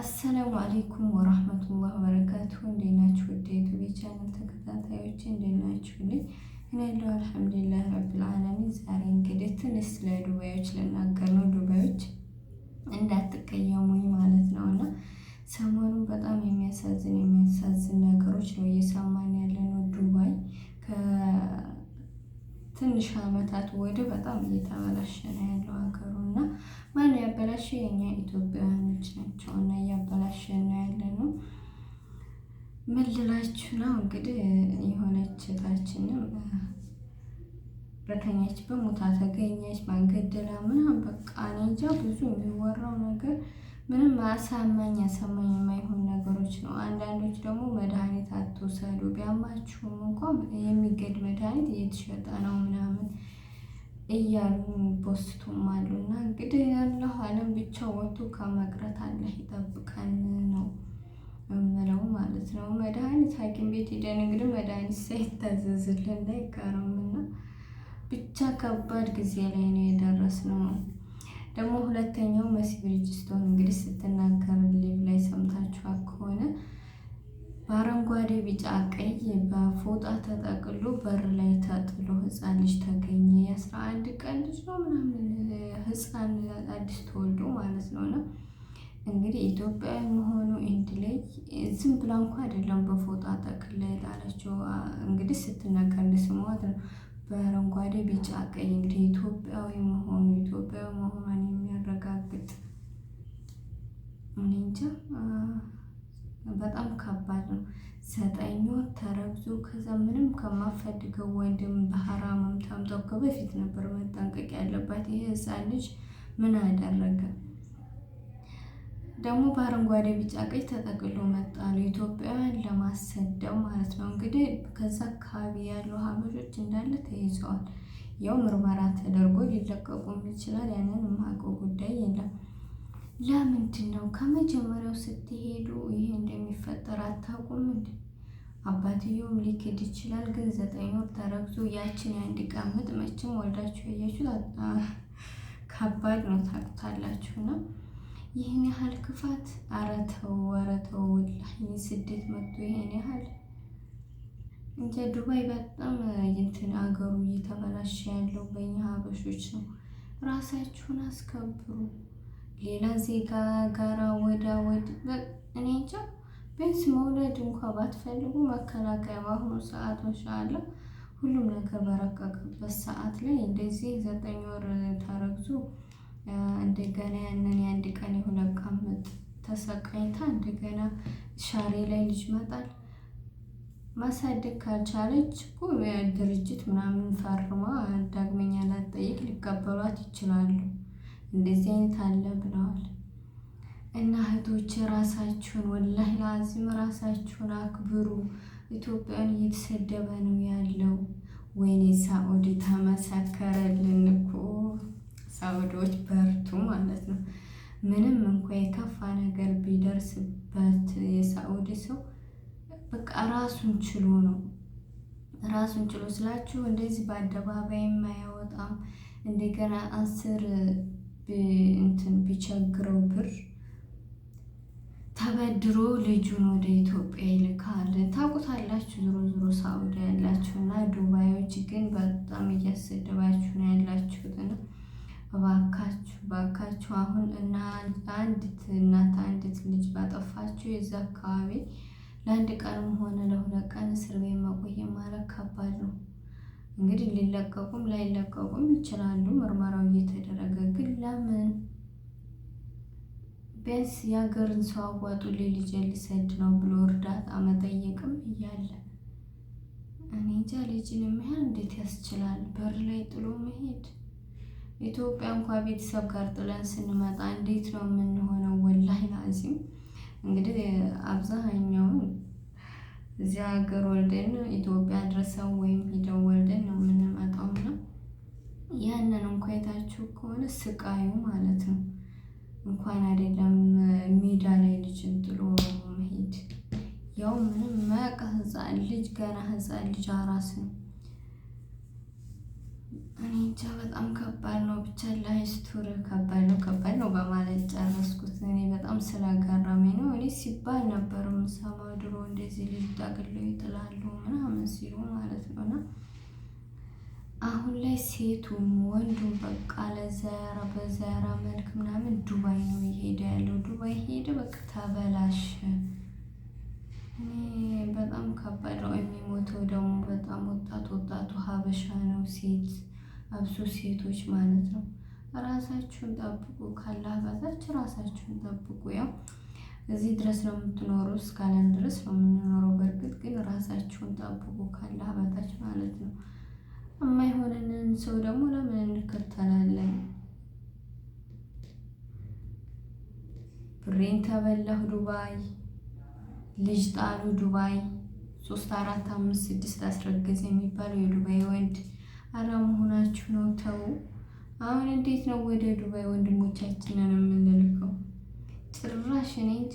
አሰላሙ አሌይኩም ወራህመቱላህ በረካቱ። እንዴት ናችሁ? ውዴቱ የቻናል ተከታታዮች እንዴት ናችሁ? ልኝ እኔ ያለው አልሐምዱሊላህ ረብል ዓለሚን። ዛሬ እንግዲህ ትንሽ ስለ ዱባዮች ልናገር ትንሽ ዓመታት ወደ በጣም እየተበላሸ ነው ያለው ሀገሩ እና ማን ያበላሸ? የኛ ኢትዮጵያውያኖች ናቸው እና እያበላሸ ነው ያለ ነው ልላችሁ ነው እንግዲህ የሆነች እህታችንም በተኛች በሞታ ተገኘች። ማን ገደላ ምናምን በቃ እኔ እንጃ ብዙ የሚወራው ነገር ምንም አሳማኝ አሳማኝ የማይሆን ነገሮች ነው። አንዳንዶች ደግሞ መድኃኒት አትወሰዱ፣ ቢያማችሁም እንኳን የሚገድ መድኃኒት እየተሸጠ ነው ምናምን እያሉ የሚፖስቱም አሉ እና እንግዲህ ያለው አለም ብቻ ወጥቶ ከመቅረት አላህ ይጠብቀን ነው የምለው ማለት ነው። መድኃኒት ሐኪም ቤት ሄደን እንግዲህ መድኃኒት ሳይታዘዝልን ላይ አይቀርም እና ብቻ ከባድ ጊዜ ላይ ነው የደረስነው። ደግሞ ሁለተኛው መሲ ብሪጅስቶን እንግዲህ ስትናገር ሌብ ላይ ሰምታችኋ ከሆነ በአረንጓዴ ቢጫ ቀይ በፎጣ ተጠቅሎ በር ላይ ተጥሎ ህፃን ልጅ ተገኘ። የአስራ አንድ ቀን ልጅ ነው ምናምን ህፃን አዲስ ተወልዶ ማለት ነው። እና እንግዲህ ኢትዮጵያዊ መሆኑ ኢንድ ላይ ዝም ብላ እንኳ አይደለም በፎጣ ጠቅላ የጣለችው እንግዲህ ስትናገር እንደስሟት ነው። በአረንጓዴ፣ ቢጫ፣ ቀይ እንግዲህ ኢትዮጵያዊ መሆኑ ኢትዮጵያዊ መሆኗን የሚያረጋግጥ እኔ እንጃ በጣም ከባድ ነው። ዘጠኝ ወር ተረግዞ ከዛ ምንም ከማፈልገው ወንድም በሀራምም ታምጠው ከበፊት ነበር መጠንቀቅ ያለባት። ይህ ህፃን ልጅ ምን አደረገ? ደግሞ በአረንጓዴ ቢጫ ቀይ ተጠቅሎ መጣ ነው። ኢትዮጵያውያን ለማሰደው ማለት ነው። እንግዲህ ከዛ አካባቢ ያሉ ሀበሾች እንዳለ ተይዘዋል። ያው ምርመራ ተደርጎ ሊለቀቁም ይችላል። ያንን የማውቀው ጉዳይ የለም። ለምንድን ነው ከመጀመሪያው ስትሄዱ ይሄ እንደሚፈጠር አታውቁም እንዴ? አባትየውም ሊክድ ይችላል፣ ግን ዘጠኝ ወር ተረግዞ ያችን እንዲቀምጥ መቼም ወልዳችሁ ያያችሁ ከባድ ነው። ነው ይህን ያህል ክፋት አረተው ወረተው ወላሂ ስደት መጥቶ ይህን ያህል እንጃ። ዱባይ በጣም እንትን አገሩ እየተበላሸ ያለው በእኛ ሀበሾች ነው። ራሳችሁን አስከብሩ። ሌላ ዜጋ ጋራ ወዳ ወድ እኔ እንጃ። ቢያንስ መውለድ እንኳ ባትፈልጉ መከላከያ በአሁኑ ሰዓት መሻለ ሁሉም ነገር በረቀቀበት ሰዓት ላይ እንደዚህ ዘጠኝ ወር ተረግዞ እንደገና ያንን የአንድ ቀን የሁለት ቀን ምጥ ተሰቃይታ እንደገና ሻሬ ላይ ልጅ መጣል ማሳደግ ካልቻለች እኮ ድርጅት ምናምን ፈርማ ዳግመኛ ላትጠይቅ ሊቀበሏት ይችላሉ። እንደዚህ አይነት አለ ብለዋል። እና እህቶች ራሳችሁን ወላሂ ለአዚም ራሳችሁን አክብሩ። ኢትዮጵያን እየተሰደበ ነው ያለው። ወይኔ ሳኡዲ ተመሰከረልን እኮ ሳውዲዎች በርቱ ማለት ነው። ምንም እንኳ የከፋ ነገር ቢደርስበት የሳውዲ ሰው በቃ ራሱን ችሎ ነው። ራሱን ችሎ ስላችሁ እንደዚህ በአደባባይም አያወጣም። እንደገና አስር እንትን ቢቸግረው ብር ተበድሮ ልጁን ወደ ኢትዮጵያ ይልካል። ታውቁታላችሁ። ዞሮ ዞሮ ሳውዲ ያላችሁ እና ዱባዮች ግን በጣም እያሰደባችሁ ነው ያላችሁት ነው እባካችሁ እባካችሁ አሁን እና አንዲት እናት አንዲት ልጅ ባጠፋችሁ የዛ አካባቢ ለአንድ ቀንም ሆነ ለሁለት ቀን እስር ቤት መቆየ ማለት ከባድ ነው። እንግዲህ ሊለቀቁም ላይለቀቁም ይችላሉ። ምርመራው እየተደረገ ግን ለምን ቢያንስ የሀገርን ሰው አዋጡ ልጅ ሊሰድ ነው ብሎ እርዳታ መጠየቅም እያለ እኔ እንጃ ልጅን የሚያህል እንዴት ያስችላል በር ላይ ጥሎ መሄድ። ኢትዮጵያ እንኳ ቤተሰብ ጋር ጥለን ስንመጣ እንዴት ነው የምንሆነው? ወላሂ ላዚም እንግዲህ አብዛኛውን እዚያ ሀገር ወልደን ኢትዮጵያ ድረሰው ወይም ሂደው ወልደን ነው የምንመጣው እና ያንን እንኳ የታችሁ ከሆነ ስቃዩ ማለት ነው እንኳን አይደለም ሜዳ ላይ ልጅን ጥሎ መሄድ ያው ምንም መቀ ህፃን ልጅ ገና ህፃን ልጅ አራስ ነው እኔ እንጃ በጣም ከባድ ነው። ብቻ ለአይስቱር ከባድ ነው ከባድ ነው በማለት ጨረስኩት። እኔ በጣም ስላጋራመኝ ነው። እኔ ሲባል ነበር የምሰማው ድሮ እንደዚህ ልጅ ጠቅልለው ይጥላሉ ምናምን ሲሉ ማለት ነው እና አሁን ላይ ሴቱም ወንዱም በቃ ለዘያራ በዘያራ መልክ ምናምን ዱባይ ነው እየሄደ ያለው። ዱባይ ሄደ በቃ ተበላሽ። በጣም ከባድ ነው። አብሶ ሴቶች ማለት ነው። ራሳችሁን ጠብቁ፣ ካላህ በታች ራሳችሁን ጠብቁ። ያው እዚህ ድረስ ነው የምትኖሩ እስካለን ድረስ ነው የምንኖረው። በእርግጥ ግን ራሳችሁን ጠብቁ፣ ካላህ በታች ማለት ነው። የማይሆነንን ሰው ደግሞ ለምን እንከተላለን? ብሬን ተበላሁ ዱባይ፣ ልጅ ጣሉ ዱባይ፣ ሶስት አራት አምስት ስድስት አስረገዘ የሚባለው የዱባይ ወንድ አራም መሆናችሁ ነው ተው። አሁን እንዴት ነው ወደ ዱባይ ወንድሞቻችንን የምንልከው? ጭራሽ እኔ እንጃ።